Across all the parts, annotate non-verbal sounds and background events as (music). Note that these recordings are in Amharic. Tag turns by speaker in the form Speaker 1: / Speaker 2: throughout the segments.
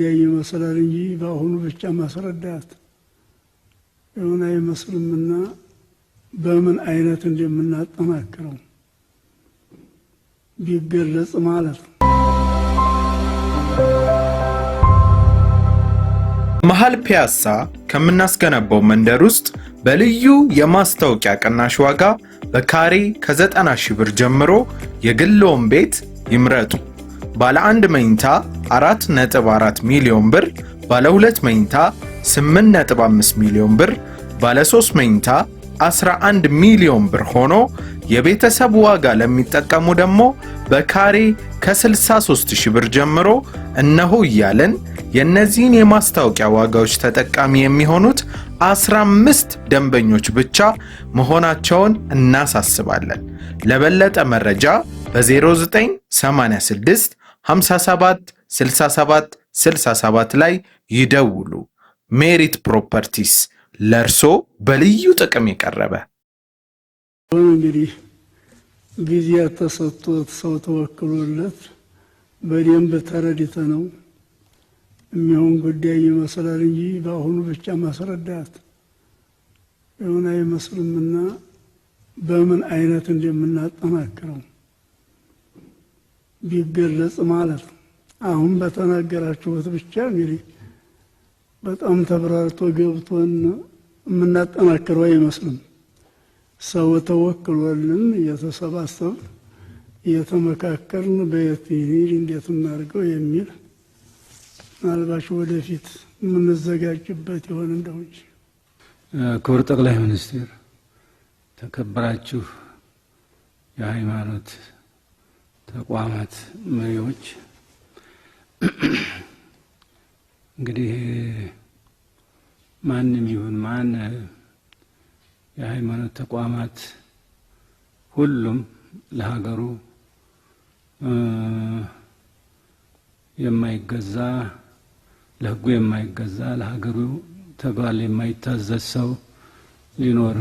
Speaker 1: ይመስላል እንጂ በአሁኑ ብቻ ማስረዳት የሆነ አይመስልምና በምን አይነት እንደምናጠናክረው ቢገለጽ ማለት ነው።
Speaker 2: መሀል ፒያሳ ከምናስገነባው መንደር ውስጥ በልዩ የማስታወቂያ ቅናሽ ዋጋ በካሬ ከ90 ሺህ ብር ጀምሮ የግልዎን ቤት ይምረጡ። ባለ አንድ መኝታ 4.4 ሚሊዮን ብር፣ ባለ 2 መኝታ 8.5 ሚሊዮን ብር፣ ባለ 3 መኝታ 11 ሚሊዮን ብር ሆኖ የቤተሰብ ዋጋ ለሚጠቀሙ ደግሞ በካሬ ከ63 ሺህ ብር ጀምሮ እነሆ እያለን የእነዚህን የማስታወቂያ ዋጋዎች ተጠቃሚ የሚሆኑት 15 ደንበኞች ብቻ መሆናቸውን እናሳስባለን። ለበለጠ መረጃ በ0986 57 67 67 ላይ ይደውሉ። ሜሪት ፕሮፐርቲስ ለእርሶ በልዩ ጥቅም የቀረበ
Speaker 1: እንግዲህ ጊዜ ተሰጥቶት ሰው ተወክሎለት በደንብ ተረድተ ነው የሚሆን ጉዳይ ይመስላል እንጂ በአሁኑ ብቻ ማስረዳት የሆነ አይመስልምና በምን አይነት እንደምናጠናክረው ቢገለጽ ማለት ነው። አሁን በተናገራችሁት ብቻ እንግዲህ በጣም ተብራርቶ ገብቶን የምናጠናክረው አይመስልም። ሰው ተወክሎልን እየተሰባሰብ እየተመካከልን በየት ይሄድ እንዴት እናድርገው የሚል ምናልባች ወደፊት የምንዘጋጅበት ይሆን እንደው እንጂ።
Speaker 3: ክቡር ጠቅላይ ሚኒስትር፣ ተከበራችሁ የሃይማኖት ተቋማት መሪዎች እንግዲህ ማንም ይሁን ማን የሃይማኖት ተቋማት ሁሉም ለሀገሩ የማይገዛ ለሕጉ የማይገዛ ለሀገሩ ተግባር የማይታዘዝ ሰው ሊኖር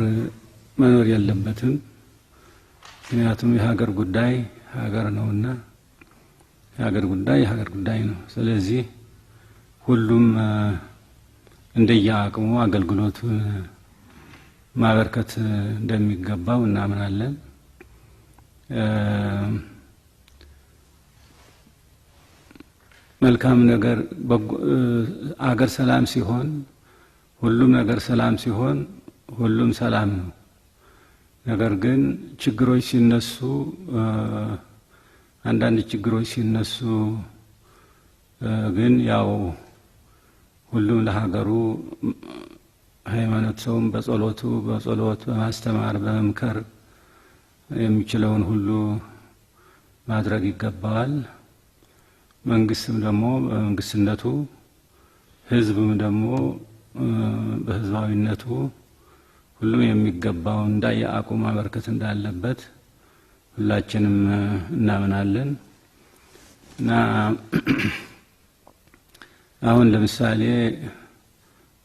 Speaker 3: መኖር የለበትም። ምክንያቱም የሀገር ጉዳይ ሀገር ነውና የሀገር ጉዳይ የሀገር ጉዳይ ነው። ስለዚህ ሁሉም እንደየአቅሙ አገልግሎቱን ማበርከት እንደሚገባው እናምናለን። መልካም ነገር አገር ሰላም ሲሆን ሁሉም ነገር ሰላም ሲሆን ሁሉም ሰላም ነው። ነገር ግን ችግሮች ሲነሱ አንዳንድ ችግሮች ሲነሱ ግን ያው ሁሉም ለሀገሩ ሃይማኖት ሰውም በጸሎቱ በጸሎት በማስተማር በመምከር የሚችለውን ሁሉ ማድረግ ይገባዋል። መንግስትም ደግሞ በመንግስትነቱ፣ ህዝብም ደግሞ በህዝባዊነቱ ሁሉም የሚገባው እንዳየ አቁም ማበርከት እንዳለበት ሁላችንም እናምናለን እና (clears throat) አሁን ለምሳሌ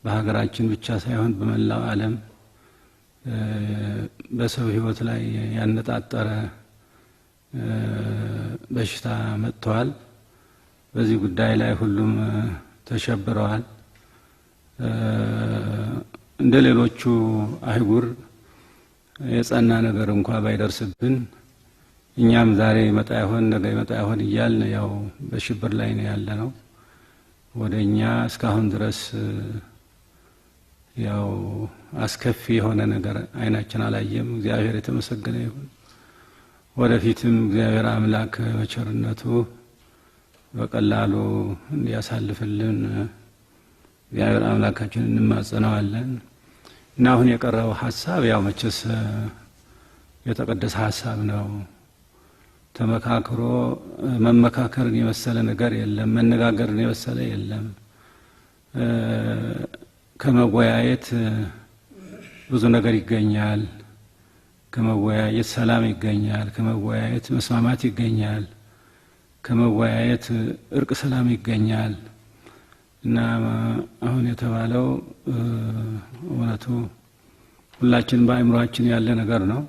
Speaker 3: በሀገራችን ብቻ ሳይሆን በመላው ዓለም በሰው ሕይወት ላይ ያነጣጠረ በሽታ መጥተዋል። በዚህ ጉዳይ ላይ ሁሉም ተሸብረዋል። እንደ ሌሎቹ አይጉር የጸና ነገር እንኳ ባይደርስብን እኛም ዛሬ ይመጣ ይሆን ነገ ይመጣ ይሆን እያልን ያው በሽብር ላይ ነው ያለ ነው። ወደ እኛ እስካሁን ድረስ ያው አስከፊ የሆነ ነገር አይናችን አላየም። እግዚአብሔር የተመሰገነ ይሁን። ወደፊትም እግዚአብሔር አምላክ በቸርነቱ በቀላሉ እንዲያሳልፍልን እግዚአብሔር አምላካችን እንማጸነዋለን እና አሁን የቀረበው ሀሳብ ያው መቼስ የተቀደሰ ሀሳብ ነው። ተመካክሮ መመካከርን የመሰለ ነገር የለም። መነጋገርን የመሰለ የለም። ከመወያየት ብዙ ነገር ይገኛል። ከመወያየት ሰላም ይገኛል። ከመወያየት መስማማት ይገኛል። ከመወያየት እርቅ ሰላም ይገኛል እና አሁን የተባለው እውነቱ ሁላችንም በአእምሯችን ያለ ነገር ነው።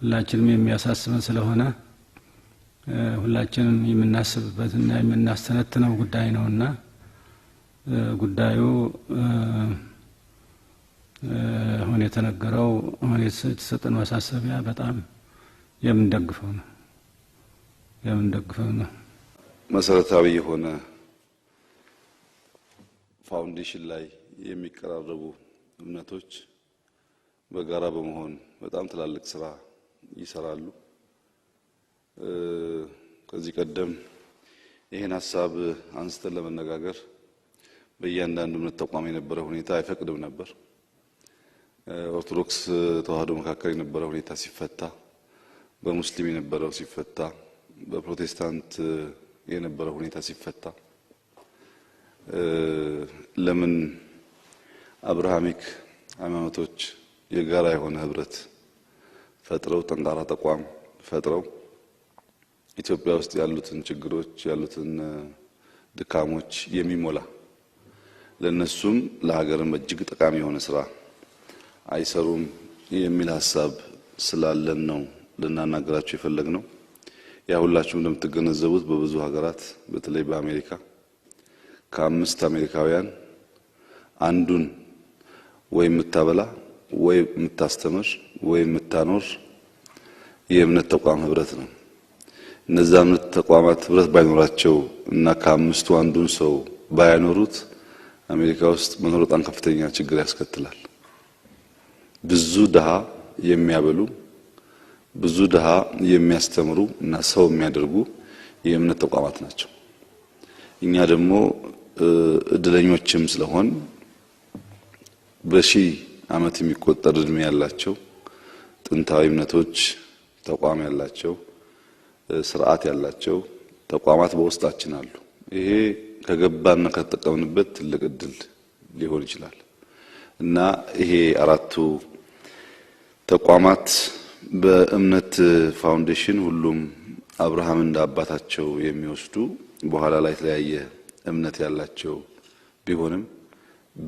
Speaker 3: ሁላችንም የሚያሳስበን ስለሆነ ሁላችንም የምናስብበትና የምናስተነትነው ጉዳይ ነውና ጉዳዩ አሁን የተነገረው አሁን የተሰጠን ማሳሰቢያ በጣም የምንደግፈው ነው የምንደግፈው ነው።
Speaker 4: መሰረታዊ የሆነ ፋውንዴሽን ላይ የሚቀራረቡ እምነቶች በጋራ በመሆን በጣም ትላልቅ ስራ ይሰራሉ። ከዚህ ቀደም ይህን ሀሳብ አንስተን ለመነጋገር በእያንዳንዱ እምነት ተቋም የነበረ ሁኔታ አይፈቅድም ነበር። ኦርቶዶክስ ተዋህዶ መካከል የነበረ ሁኔታ ሲፈታ፣ በሙስሊም የነበረው ሲፈታ፣ በፕሮቴስታንት የነበረው ሁኔታ ሲፈታ ለምን አብርሃሚክ ሃይማኖቶች የጋራ የሆነ ህብረት ፈጥረው ጠንካራ ተቋም ፈጥረው ኢትዮጵያ ውስጥ ያሉትን ችግሮች ያሉትን ድካሞች የሚሞላ ለእነሱም ለሀገርም እጅግ ጠቃሚ የሆነ ስራ አይሰሩም የሚል ሀሳብ ስላለን ነው ልናናገራቸው የፈለግ ነው። ያ ሁላችሁም እንደምትገነዘቡት በብዙ ሀገራት በተለይ በአሜሪካ ከአምስት አሜሪካውያን አንዱን ወይ የምታበላ ወይ የምታስተምር ወይ የምታኖር የእምነት ተቋም ህብረት ነው። እነዛ እምነት ተቋማት ህብረት ባይኖራቸው እና ከአምስቱ አንዱን ሰው ባያኖሩት አሜሪካ ውስጥ መኖር በጣም ከፍተኛ ችግር ያስከትላል። ብዙ ድሃ የሚያበሉ ብዙ ድሃ የሚያስተምሩ እና ሰው የሚያደርጉ የእምነት ተቋማት ናቸው። እኛ ደግሞ እድለኞችም ስለሆን በሺህ ዓመት የሚቆጠር እድሜ ያላቸው ጥንታዊ እምነቶች ተቋም ያላቸው ስርዓት ያላቸው ተቋማት በውስጣችን አሉ። ይሄ ከገባና ከተጠቀምንበት ትልቅ እድል ሊሆን ይችላል እና ይሄ አራቱ ተቋማት በእምነት ፋውንዴሽን ሁሉም አብርሃም እንደ አባታቸው የሚወስዱ በኋላ ላይ የተለያየ እምነት ያላቸው ቢሆንም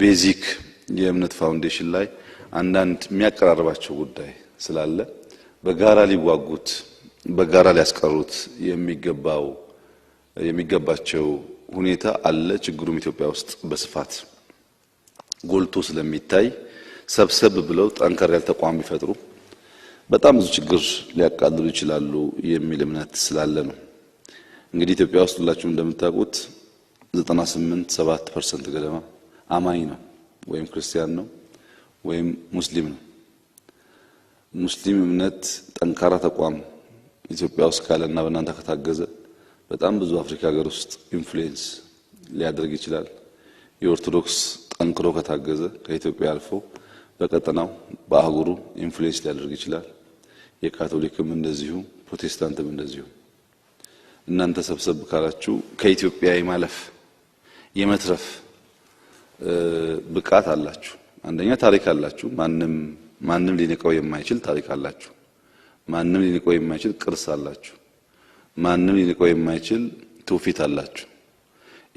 Speaker 4: ቤዚክ የእምነት ፋውንዴሽን ላይ አንዳንድ የሚያቀራርባቸው ጉዳይ ስላለ በጋራ ሊዋጉት በጋራ ሊያስቀሩት የሚገባው የሚገባቸው ሁኔታ አለ። ችግሩም ኢትዮጵያ ውስጥ በስፋት ጎልቶ ስለሚታይ ሰብሰብ ብለው ጠንከር ያለ ተቋም ይፈጥሩ። በጣም ብዙ ችግር ሊያቃልሉ ይችላሉ የሚል እምነት ስላለ ነው። እንግዲህ ኢትዮጵያ ውስጥ ሁላችሁም እንደምታውቁት 98 7 ፐርሰንት ገደማ አማኝ ነው ወይም ክርስቲያን ነው ወይም ሙስሊም ነው። ሙስሊም እምነት ጠንካራ ተቋም ኢትዮጵያ ውስጥ ካለና በእናንተ ከታገዘ በጣም ብዙ አፍሪካ ሀገር ውስጥ ኢንፍሉዌንስ ሊያደርግ ይችላል። የኦርቶዶክስ ጠንክሮ ከታገዘ ከኢትዮጵያ አልፎ በቀጠናው በአህጉሩ ኢንፍሉዌንስ ሊያደርግ ይችላል። የካቶሊክም እንደዚሁ ፕሮቴስታንትም እንደዚሁ። እናንተ ሰብሰብ ካላችሁ ከኢትዮጵያ የማለፍ የመትረፍ ብቃት አላችሁ። አንደኛ ታሪክ አላችሁ። ማንም ማንም ሊንቀው የማይችል ታሪክ አላችሁ። ማንም ሊንቀው የማይችል ቅርስ አላችሁ። ማንም ሊንቀው የማይችል ትውፊት አላችሁ።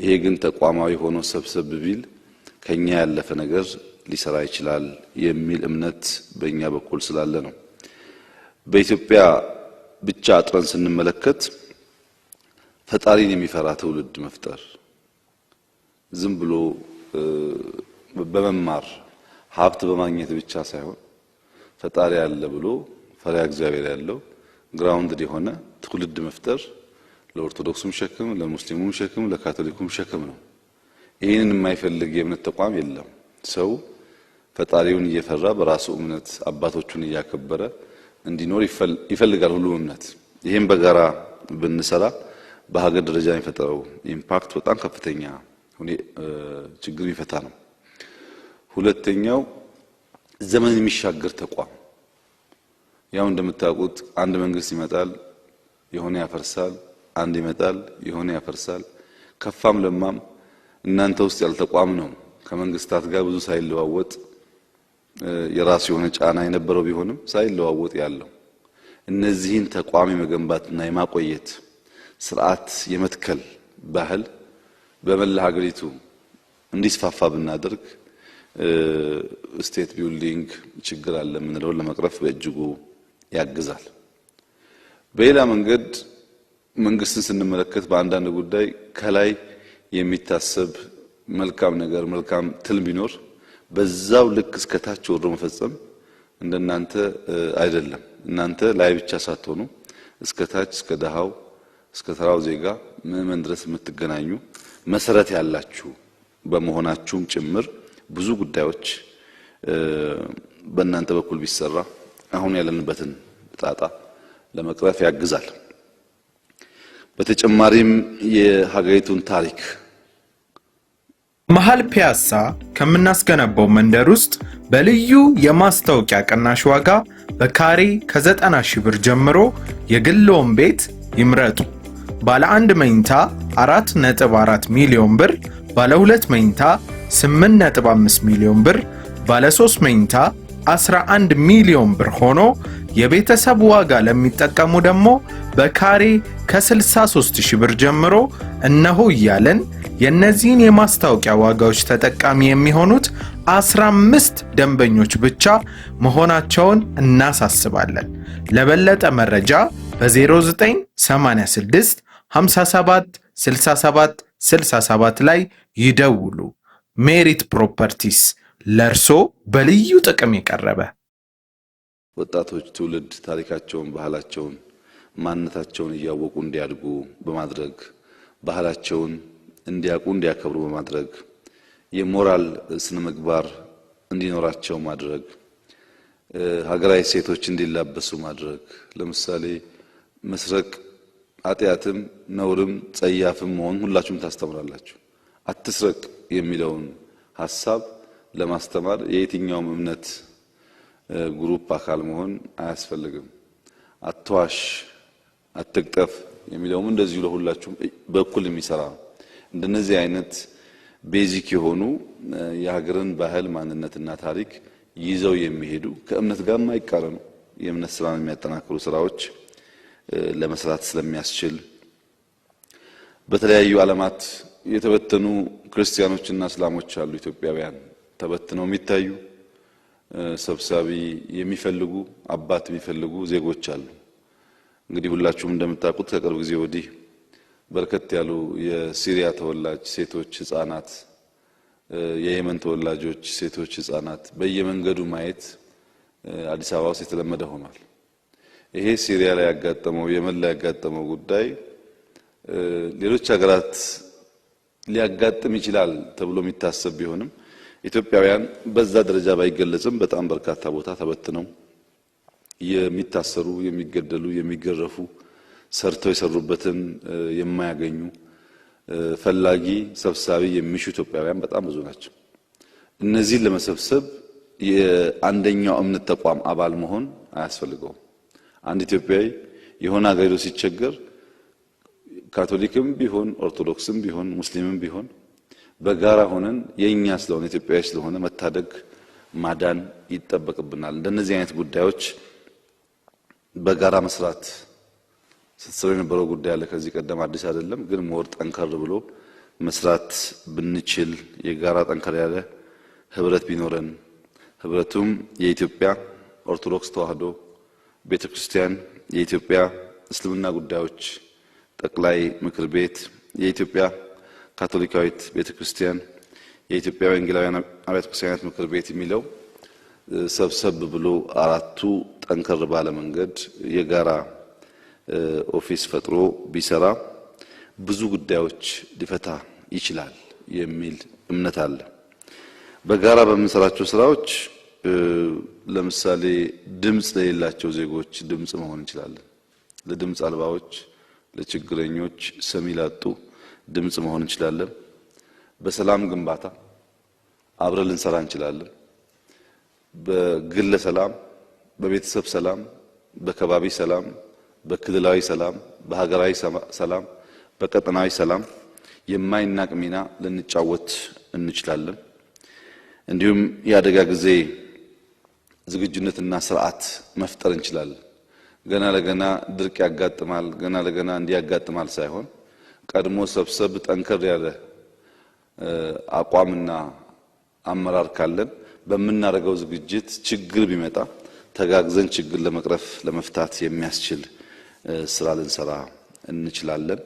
Speaker 4: ይሄ ግን ተቋማዊ ሆኖ ሰብሰብ ቢል ከኛ ያለፈ ነገር ሊሰራ ይችላል የሚል እምነት በእኛ በኩል ስላለ ነው። በኢትዮጵያ ብቻ አጥረን ስንመለከት ፈጣሪን የሚፈራ ትውልድ መፍጠር ዝም ብሎ በመማር ሀብት በማግኘት ብቻ ሳይሆን ፈጣሪ አለ ብሎ ፈሪሃ እግዚአብሔር ያለው ግራውንድ የሆነ ትውልድ መፍጠር ለኦርቶዶክሱም ሸክም፣ ለሙስሊሙም ሸክም፣ ለካቶሊኩም ሸክም ነው። ይህንን የማይፈልግ የእምነት ተቋም የለም። ሰው ፈጣሪውን እየፈራ በራሱ እምነት አባቶቹን እያከበረ እንዲኖር ይፈልጋል ሁሉም እምነት። ይህም በጋራ ብንሰራ በሀገር ደረጃ የሚፈጠረው ኢምፓክት በጣም ከፍተኛ ችግር የሚፈታ ነው። ሁለተኛው ዘመን የሚሻገር ተቋም ያው እንደምታውቁት አንድ መንግስት ይመጣል፣ የሆነ ያፈርሳል፣ አንድ ይመጣል፣ የሆነ ያፈርሳል። ከፋም ለማም እናንተ ውስጥ ያልተቋም ነው ከመንግስታት ጋር ብዙ ሳይለዋወጥ የራሱ የሆነ ጫና የነበረው ቢሆንም ሳይለዋወጥ ያለው እነዚህን ተቋም የመገንባትና የማቆየት ስርዓት የመትከል ባህል በመላ ሀገሪቱ እንዲስፋፋ ብናደርግ ስቴት ቢልዲንግ ችግር አለ የምንለውን ለመቅረፍ በእጅጉ ያግዛል። በሌላ መንገድ መንግስትን ስንመለከት በአንዳንድ ጉዳይ ከላይ የሚታሰብ መልካም ነገር መልካም ትልም ቢኖር በዛው ልክ እስከ ታች ወርዶ መፈጸም እንደናንተ አይደለም። እናንተ ላይ ብቻ ሳትሆኑ እስከ ታች እስከ ደሃው እስከ ተራው ዜጋ ምዕመን ድረስ የምትገናኙ መሰረት ያላችሁ በመሆናችሁም ጭምር ብዙ ጉዳዮች በእናንተ በኩል ቢሰራ አሁን ያለንበትን ጣጣ ለመቅረፍ ያግዛል። በተጨማሪም የሀገሪቱን ታሪክ
Speaker 2: መሀል ፒያሳ ከምናስገነባው መንደር ውስጥ በልዩ የማስታወቂያ ቅናሽ ዋጋ በካሬ ከዘጠና ሺህ ብር ጀምሮ የግልዎን ቤት ይምረጡ። ባለ አንድ መኝታ 4.4 ሚሊዮን ብር፣ ባለ ሁለት መኝታ 8.5 ሚሊዮን ብር፣ ባለ ሶስት መኝታ 11 ሚሊዮን ብር ሆኖ የቤተሰብ ዋጋ ለሚጠቀሙ ደግሞ በካሬ ከ63 ሺህ ብር ጀምሮ እነሆ እያለን የእነዚህን የማስታወቂያ ዋጋዎች ተጠቃሚ የሚሆኑት 15 ደንበኞች ብቻ መሆናቸውን እናሳስባለን። ለበለጠ መረጃ በ0986 57 67 67 ላይ ይደውሉ። ሜሪት ፕሮፐርቲስ ለእርሶ በልዩ ጥቅም የቀረበ
Speaker 4: ወጣቶች ትውልድ ታሪካቸውን፣ ባህላቸውን፣ ማንነታቸውን እያወቁ እንዲያድጉ በማድረግ ባህላቸውን እንዲያውቁ እንዲያከብሩ በማድረግ የሞራል ስነ ምግባር እንዲኖራቸው ማድረግ ሀገራዊ ሴቶች እንዲላበሱ ማድረግ ለምሳሌ መስረቅ ኃጢአትም ነውርም ጸያፍም መሆን ሁላችሁም ታስተምራላችሁ። አትስረቅ የሚለውን ሀሳብ ለማስተማር የየትኛውም እምነት ግሩፕ አካል መሆን አያስፈልግም። አትዋሽ፣ አትቅጠፍ የሚለውም እንደዚሁ ለሁላችሁም በኩል የሚሰራ እንደነዚህ አይነት ቤዚክ የሆኑ የሀገርን ባህል ማንነትና ታሪክ ይዘው የሚሄዱ ከእምነት ጋር የማይቃረኑ የእምነት ስራን የሚያጠናክሩ ስራዎች ለመስራት ስለሚያስችል በተለያዩ ዓለማት የተበተኑ ክርስቲያኖችና እስላሞች አሉ ኢትዮጵያውያን ተበትነው የሚታዩ ሰብሳቢ የሚፈልጉ አባት የሚፈልጉ ዜጎች አሉ። እንግዲህ ሁላችሁም እንደምታውቁት ከቅርብ ጊዜ ወዲህ በርከት ያሉ የሲሪያ ተወላጅ ሴቶች፣ ህጻናት፣ የየመን ተወላጆች ሴቶች፣ ህጻናት በየመንገዱ ማየት አዲስ አበባ ውስጥ የተለመደ ሆኗል። ይሄ ሲሪያ ላይ ያጋጠመው የመን ላይ ያጋጠመው ጉዳይ ሌሎች ሀገራት ሊያጋጥም ይችላል ተብሎ የሚታሰብ ቢሆንም ኢትዮጵያውያን በዛ ደረጃ ባይገለጽም በጣም በርካታ ቦታ ተበትነው የሚታሰሩ፣ የሚገደሉ፣ የሚገረፉ ሰርተው የሰሩበትን የማያገኙ ፈላጊ ሰብሳቢ የሚሹ ኢትዮጵያውያን በጣም ብዙ ናቸው። እነዚህን ለመሰብሰብ የአንደኛው እምነት ተቋም አባል መሆን አያስፈልገውም። አንድ ኢትዮጵያዊ የሆነ አገሪዶ ሲቸገር ካቶሊክም ቢሆን ኦርቶዶክስም ቢሆን ሙስሊምም ቢሆን በጋራ ሆነን የእኛ ስለሆነ ኢትዮጵያዊ ስለሆነ መታደግ ማዳን ይጠበቅብናል። እንደነዚህ አይነት ጉዳዮች በጋራ መስራት ስትሰሩ የነበረው ጉዳይ አለ። ከዚህ ቀደም አዲስ አይደለም፣ ግን ሞር ጠንከር ብሎ መስራት ብንችል የጋራ ጠንከር ያለ ህብረት ቢኖረን ህብረቱም የኢትዮጵያ ኦርቶዶክስ ተዋህዶ ቤተ ክርስቲያን፣ የኢትዮጵያ እስልምና ጉዳዮች ጠቅላይ ምክር ቤት፣ የኢትዮጵያ ካቶሊካዊት ቤተ ክርስቲያን የኢትዮጵያ ወንጌላውያን አብያተ ክርስቲያናት ምክር ቤት የሚለው ሰብሰብ ብሎ አራቱ ጠንከር ባለ መንገድ የጋራ ኦፊስ ፈጥሮ ቢሰራ ብዙ ጉዳዮች ሊፈታ ይችላል የሚል እምነት አለ። በጋራ በምንሰራቸው ስራዎች ለምሳሌ ድምፅ ለሌላቸው ዜጎች ድምፅ መሆን እንችላለን። ለድምፅ አልባዎች፣ ለችግረኞች፣ ሰሚ ላጡ ድምፅ መሆን እንችላለን። በሰላም ግንባታ አብረን ልንሰራ እንችላለን። በግለ ሰላም፣ በቤተሰብ ሰላም፣ በከባቢ ሰላም፣ በክልላዊ ሰላም፣ በሀገራዊ ሰላም፣ በቀጠናዊ ሰላም የማይናቅ ሚና ልንጫወት እንችላለን። እንዲሁም የአደጋ ጊዜ ዝግጁነትና ስርዓት መፍጠር እንችላለን። ገና ለገና ድርቅ ያጋጥማል፣ ገና ለገና እንዲህ ያጋጥማል ሳይሆን ቀድሞ ሰብሰብ ጠንከር ያለ አቋምና አመራር ካለን በምናደርገው ዝግጅት ችግር ቢመጣ ተጋግዘን ችግር ለመቅረፍ ለመፍታት የሚያስችል ስራ ልንሰራ እንችላለን።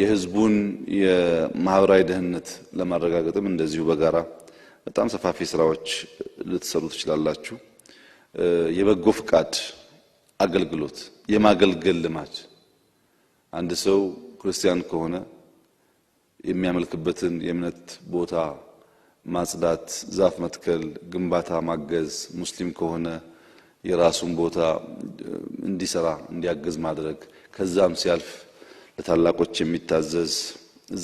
Speaker 4: የህዝቡን የማህበራዊ ደህንነት ለማረጋገጥም እንደዚሁ በጋራ በጣም ሰፋፊ ስራዎች ልትሰሩ ትችላላችሁ። የበጎ ፍቃድ አገልግሎት የማገልገል ልማድ አንድ ሰው ክርስቲያን ከሆነ የሚያመልክበትን የእምነት ቦታ ማጽዳት፣ ዛፍ መትከል፣ ግንባታ ማገዝ፣ ሙስሊም ከሆነ የራሱን ቦታ እንዲሰራ እንዲያግዝ ማድረግ፣ ከዛም ሲያልፍ ለታላቆች የሚታዘዝ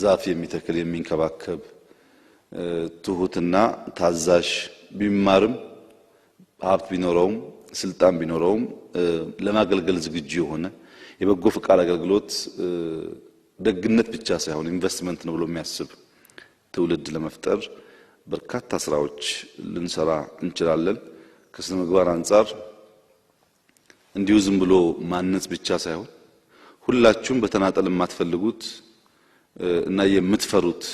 Speaker 4: ዛፍ የሚተክል የሚንከባከብ ትሁትና ታዛዥ ቢማርም ሀብት ቢኖረውም ስልጣን ቢኖረውም ለማገልገል ዝግጁ የሆነ የበጎ ፍቃድ አገልግሎት ደግነት ብቻ ሳይሆን ኢንቨስትመንት ነው ብሎ የሚያስብ ትውልድ ለመፍጠር በርካታ ስራዎች ልንሰራ እንችላለን። ከስነ ምግባር አንጻር እንዲሁ ዝም ብሎ ማነጽ ብቻ ሳይሆን ሁላችሁም በተናጠል የማትፈልጉት እና የምትፈሩት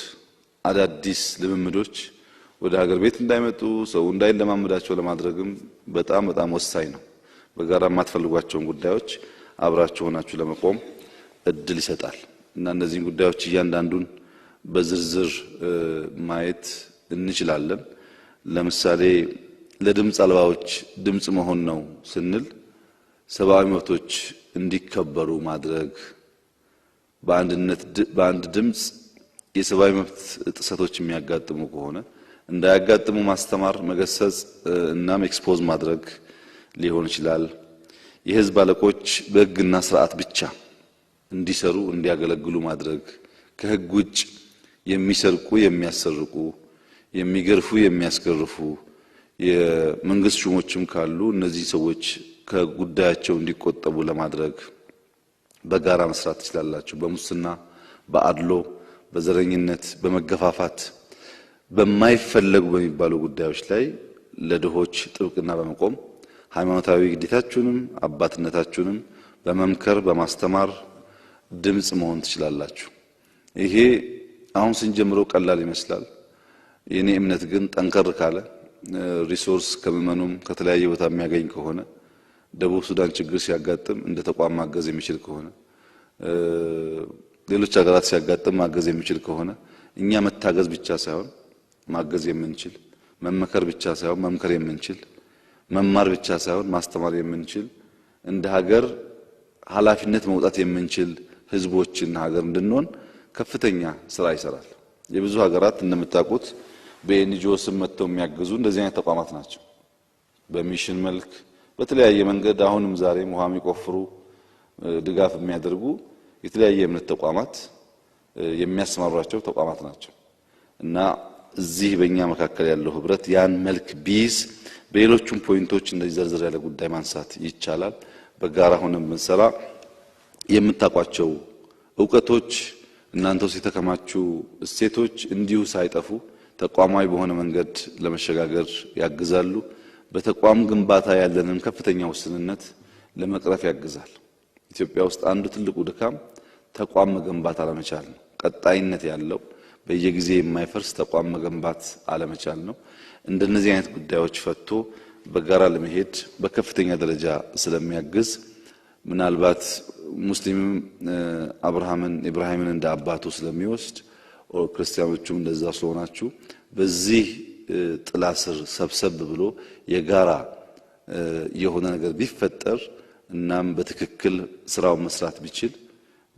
Speaker 4: አዳዲስ ልምምዶች ወደ ሀገር ቤት እንዳይመጡ ሰው እንዳይለማመዳቸው ለማድረግም በጣም በጣም ወሳኝ ነው። በጋራ የማትፈልጓቸውን ጉዳዮች አብራችሁ ሆናችሁ ለመቆም እድል ይሰጣል እና እነዚህን ጉዳዮች እያንዳንዱን በዝርዝር ማየት እንችላለን። ለምሳሌ ለድምፅ አልባዎች ድምፅ መሆን ነው ስንል ሰብአዊ መብቶች እንዲከበሩ ማድረግ በአንድነት በአንድ ድምፅ የሰብአዊ መብት ጥሰቶች የሚያጋጥሙ ከሆነ እንዳያጋጥሙ ማስተማር፣ መገሰጽ እናም ኤክስፖዝ ማድረግ ሊሆን ይችላል። የህዝብ አለቆች በህግና ስርዓት ብቻ እንዲሰሩ እንዲያገለግሉ ማድረግ፣ ከህግ ውጭ የሚሰርቁ የሚያሰርቁ፣ የሚገርፉ የሚያስገርፉ የመንግስት ሹሞችም ካሉ እነዚህ ሰዎች ከጉዳያቸው እንዲቆጠቡ ለማድረግ በጋራ መስራት ትችላላችሁ። በሙስና፣ በአድሎ፣ በዘረኝነት፣ በመገፋፋት በማይፈለጉ በሚባሉ ጉዳዮች ላይ ለድሆች ጥብቅና በመቆም ሃይማኖታዊ ግዴታችሁንም አባትነታችሁንም በመምከር በማስተማር ድምፅ መሆን ትችላላችሁ። ይሄ አሁን ስንጀምረው ቀላል ይመስላል። የኔ እምነት ግን ጠንከር ካለ ሪሶርስ ከምዕመኑም ከተለያየ ቦታ የሚያገኝ ከሆነ ደቡብ ሱዳን ችግር ሲያጋጥም እንደ ተቋም ማገዝ የሚችል ከሆነ ሌሎች ሀገራት ሲያጋጥም ማገዝ የሚችል ከሆነ እኛ መታገዝ ብቻ ሳይሆን ማገዝ የምንችል መመከር ብቻ ሳይሆን መምከር የምንችል መማር ብቻ ሳይሆን ማስተማር የምንችል እንደ ሀገር ኃላፊነት መውጣት የምንችል ህዝቦችና ሀገር እንድንሆን ከፍተኛ ስራ ይሰራል። የብዙ ሀገራት እንደምታውቁት በኤንጂኦ ስም መጥተው የሚያግዙ እንደዚህ አይነት ተቋማት ናቸው። በሚሽን መልክ በተለያየ መንገድ አሁንም ዛሬም ውሃ የሚቆፍሩ ድጋፍ የሚያደርጉ የተለያየ የእምነት ተቋማት የሚያሰማሯቸው ተቋማት ናቸው እና እዚህ በእኛ መካከል ያለው ህብረት ያን መልክ ቢይዝ በሌሎቹም ፖይንቶች እንደዚህ ዘርዘር ያለ ጉዳይ ማንሳት ይቻላል። በጋራ ሆነን ብንሰራ የምታውቋቸው እውቀቶች እናንተ ውስጥ የተከማቹ እሴቶች እንዲሁ ሳይጠፉ ተቋማዊ በሆነ መንገድ ለመሸጋገር ያግዛሉ። በተቋም ግንባታ ያለንን ከፍተኛ ውስንነት ለመቅረፍ ያግዛል። ኢትዮጵያ ውስጥ አንዱ ትልቁ ድካም ተቋም መገንባት አለመቻል ነው። ቀጣይነት ያለው በየጊዜ የማይፈርስ ተቋም መገንባት አለመቻል ነው። እንደነዚህ አይነት ጉዳዮች ፈቶ በጋራ ለመሄድ በከፍተኛ ደረጃ ስለሚያግዝ ምናልባት ሙስሊምም አብርሃምን ኢብራሂምን እንደ አባቱ ስለሚወስድ ክርስቲያኖቹም እንደዛ ስለሆናችሁ በዚህ ጥላ ስር ሰብሰብ ብሎ የጋራ የሆነ ነገር ቢፈጠር እናም በትክክል ስራውን መስራት ቢችል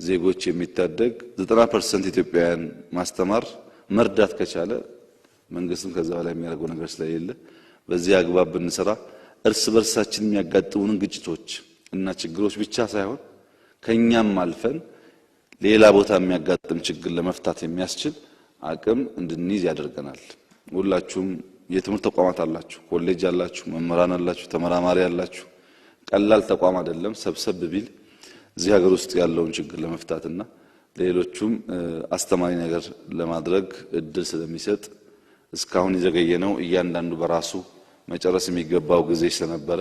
Speaker 4: ዜጎች የሚታደግ ዘጠና ፐርሰንት ኢትዮጵያውያን ማስተማር መርዳት ከቻለ መንግስትም ከዛ በላይ የሚያደርገው ነገር ስለሌለ በዚህ አግባብ ብንሰራ እርስ በርሳችን የሚያጋጥሙንን ግጭቶች እና ችግሮች ብቻ ሳይሆን ከኛም አልፈን ሌላ ቦታ የሚያጋጥም ችግር ለመፍታት የሚያስችል አቅም እንድንይዝ ያደርገናል። ሁላችሁም የትምህርት ተቋማት አላችሁ፣ ኮሌጅ አላችሁ፣ መምህራን አላችሁ፣ ተመራማሪ አላችሁ። ቀላል ተቋም አይደለም። ሰብሰብ ቢል እዚህ ሀገር ውስጥ ያለውን ችግር ለመፍታትና ለሌሎቹም አስተማሪ ነገር ለማድረግ እድል ስለሚሰጥ እስካሁን የዘገየ ነው። እያንዳንዱ በራሱ መጨረስ የሚገባው ጊዜ ስለነበረ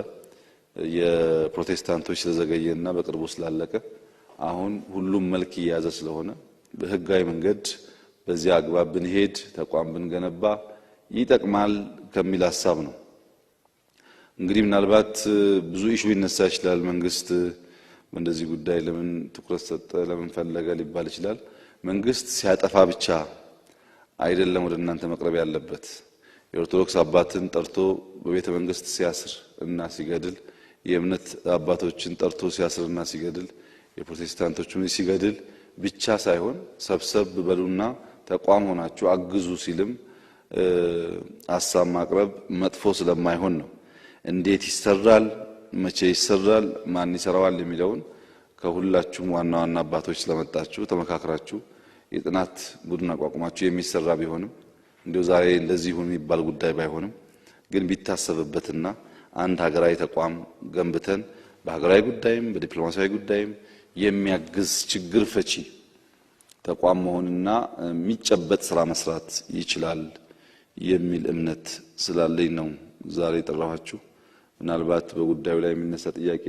Speaker 4: የፕሮቴስታንቶች ስለዘገየና በቅርቡ ስላለቀ አሁን ሁሉም መልክ እየያዘ ስለሆነ በህጋዊ መንገድ በዚያ አግባብ ብንሄድ ተቋም ብንገነባ ይጠቅማል ከሚል ሀሳብ ነው። እንግዲህ ምናልባት ብዙ ኢሹ ይነሳ ይችላል መንግስት እንደዚህ ጉዳይ ለምን ትኩረት ሰጠ፣ ለምን ፈለገ ሊባል ይችላል። መንግስት ሲያጠፋ ብቻ አይደለም ወደ እናንተ መቅረብ ያለበት። የኦርቶዶክስ አባትን ጠርቶ በቤተ መንግስት ሲያስር እና ሲገድል፣ የእምነት አባቶችን ጠርቶ ሲያስር እና ሲገድል፣ የፕሮቴስታንቶችን ሲገድል ብቻ ሳይሆን ሰብሰብ በሉና ተቋም ሆናችሁ አግዙ ሲልም ሀሳብ ማቅረብ መጥፎ ስለማይሆን ነው። እንዴት ይሰራል? መቼ ይሰራል፣ ማን ይሰራዋል የሚለውን ከሁላችሁም ዋና ዋና አባቶች ስለመጣችሁ ተመካክራችሁ የጥናት ቡድን አቋቁማችሁ የሚሰራ ቢሆንም እንዲሁ ዛሬ እንደዚህ ሁን የሚባል ጉዳይ ባይሆንም ግን ቢታሰብበትና አንድ ሀገራዊ ተቋም ገንብተን በሀገራዊ ጉዳይም በዲፕሎማሲያዊ ጉዳይም የሚያግዝ ችግር ፈቺ ተቋም መሆንና የሚጨበጥ ስራ መስራት ይችላል የሚል እምነት ስላለኝ ነው ዛሬ የጠራኋችሁ። ምናልባት በጉዳዩ ላይ የሚነሳ ጥያቄ